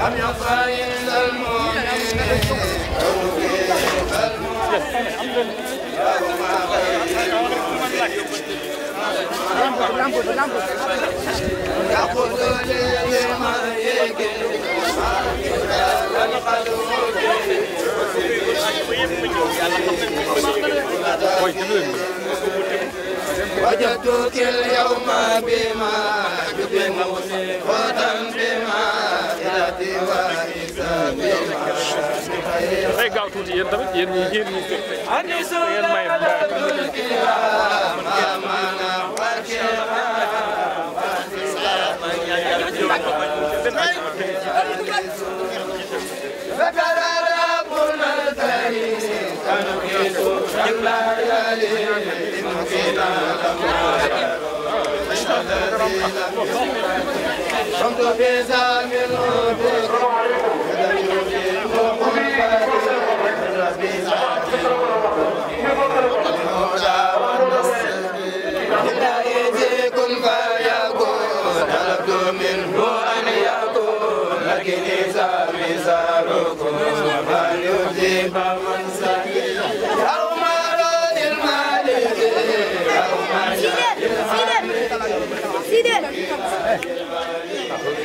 لم يصل إلا المؤمنين توفيق المؤمنين يوم يقول لي من يجي وجدتك اليوم بما تبين وتنبين day gaaw tuuti yéen tamit yéen ñi yéen ñi ngeen may كنت في زامن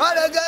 Hadi go!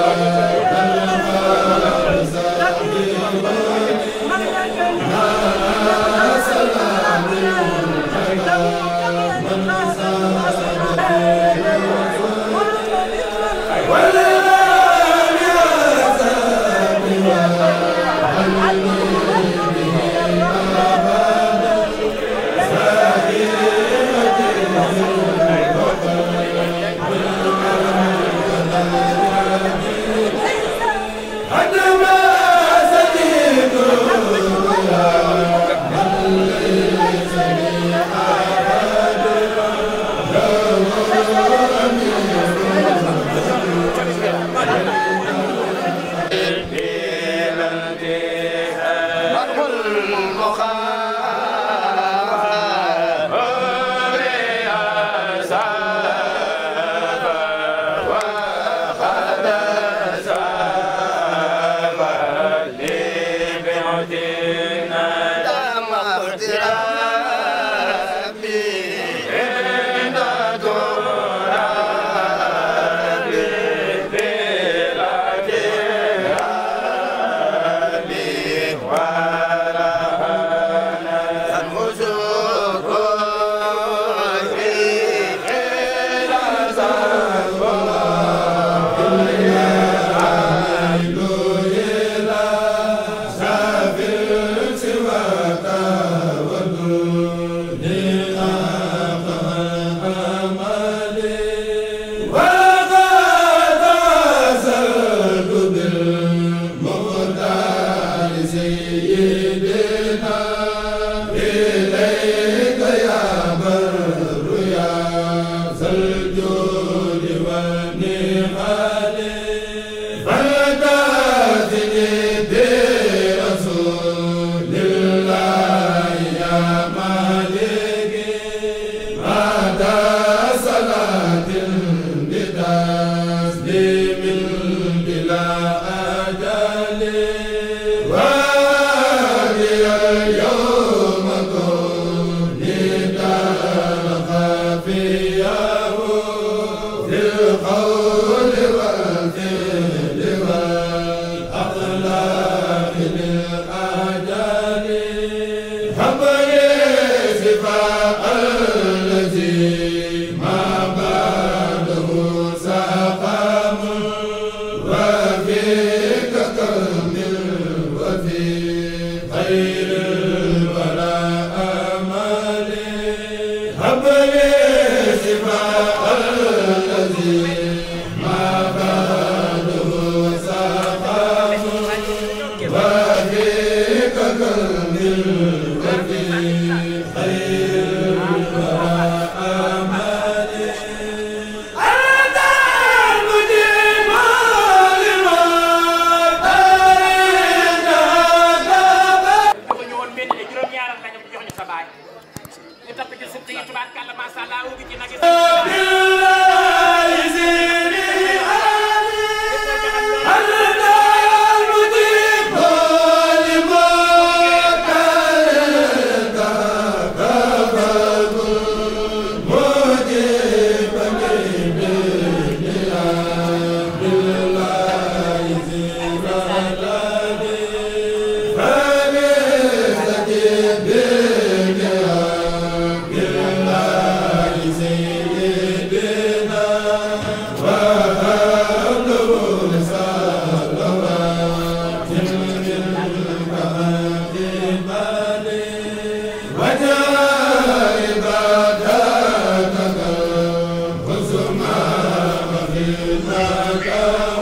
ko xam لا la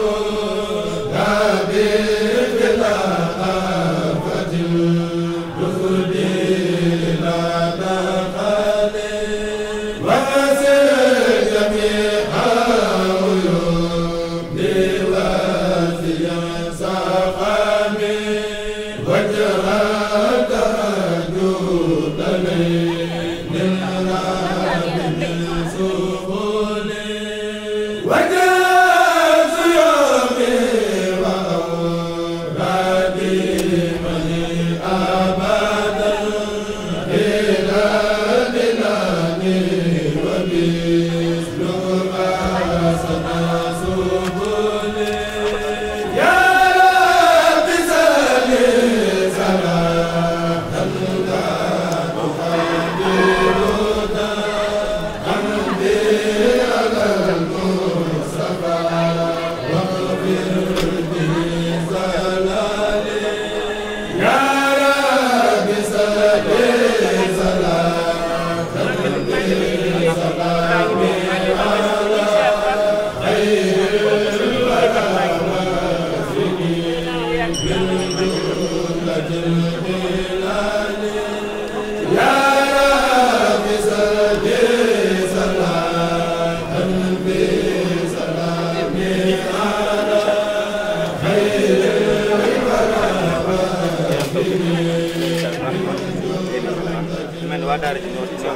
daara ji ñoo ñoo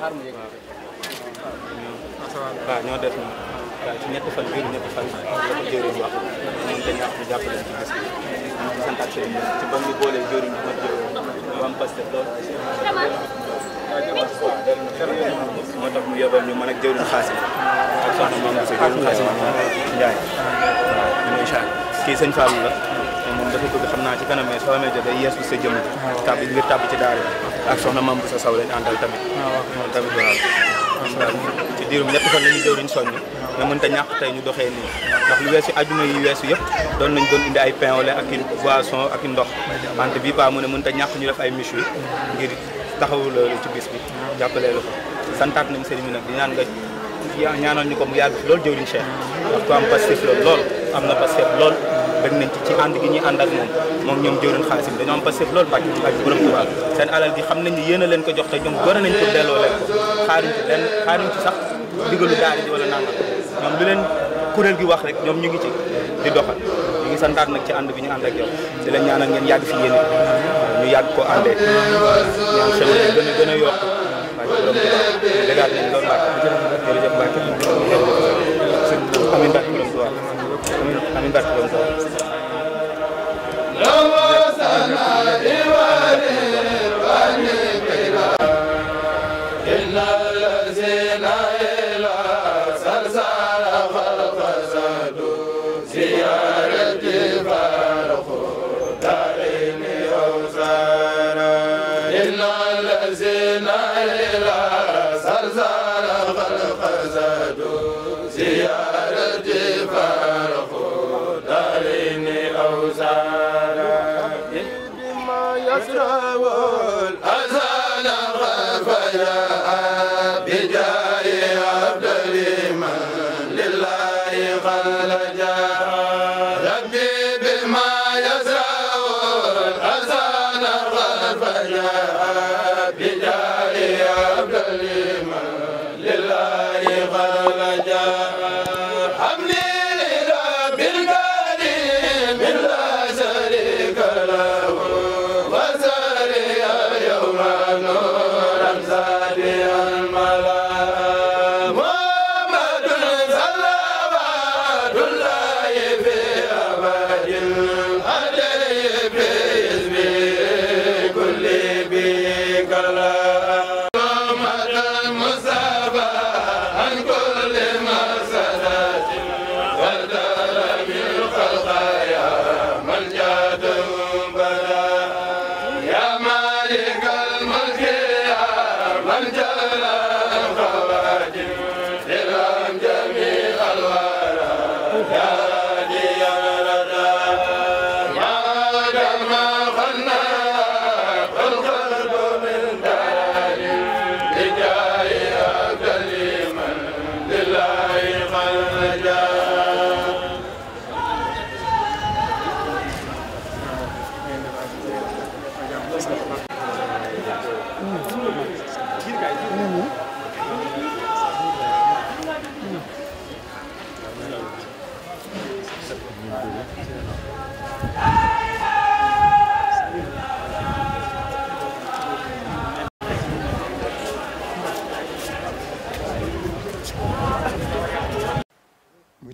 waaw ñoo def ñoom waaw ci ñetti fan biir ñetti fan la ko jëriñ wax ñun dañuy wax ñu jàppale ci bés bi ñu ngi sant ak seen ci ba ñu boolee jëriñ bi ma jëriñ bu am paste lool moo tax mu yebal ñu mën ak jëriñ xaasi ak soxna moom monsieur jëriñ xaasi Ndiaye waaw mooy Charles kii sëñ Fallou la moom dafa bëgg xam naa ci kanam mais soo amee jot day yeesu sa jëmm tàbbi ngir tàbbi ci daara ak soxna Mame Boussa Sow lañ àndal tamit. Ah, moom tamit waaw. Ah, ci diirum ñetti fan la ñu jëwriñ soññ. mais ah. mënut a ñàkk tey ñu doxee nii. ndax lu weesu ajuma yi weesu yëpp doon nañ doon indi ay pain au lait ak i boisson ak i ndox. wante bii paa mu ne mënut a ñàkk ñu def ay miches ngir taxawu loolu ci bis bi. jàppalee la ko santaat nañ sëriñ bi nag di ñaan nga ñaanal ñu ko mu yàgg fi loolu jëwriñ Cheikh. ndax ku am pastef lool am na pastef lool. bëgg nañ ci ci ànd gi ñu ànd ak moom moom ñoom jëwriñ xaasim dañoo am passif loolu bàcc ak borom Tuuba seen alal gi xam nañ ni yéen a leen ko jox te ñoom gore nañ ko delloo leen ko xaaruñ ci lenn xaaruñ ci sax digalu daara ji wala nangam ñoom lu leen kuréel gi wax rek ñoom ñu ngi ci di doxal ñu ngi sa santaat nag ci ànd bi ñu ànd ak yow di la ñaanal ngeen yàgg fi yéen ñu yàgg ko àndee ñaan xewal gën a gën a yokk waaye borom Tuuba dëggaat loolu الخلق زادوا زيادة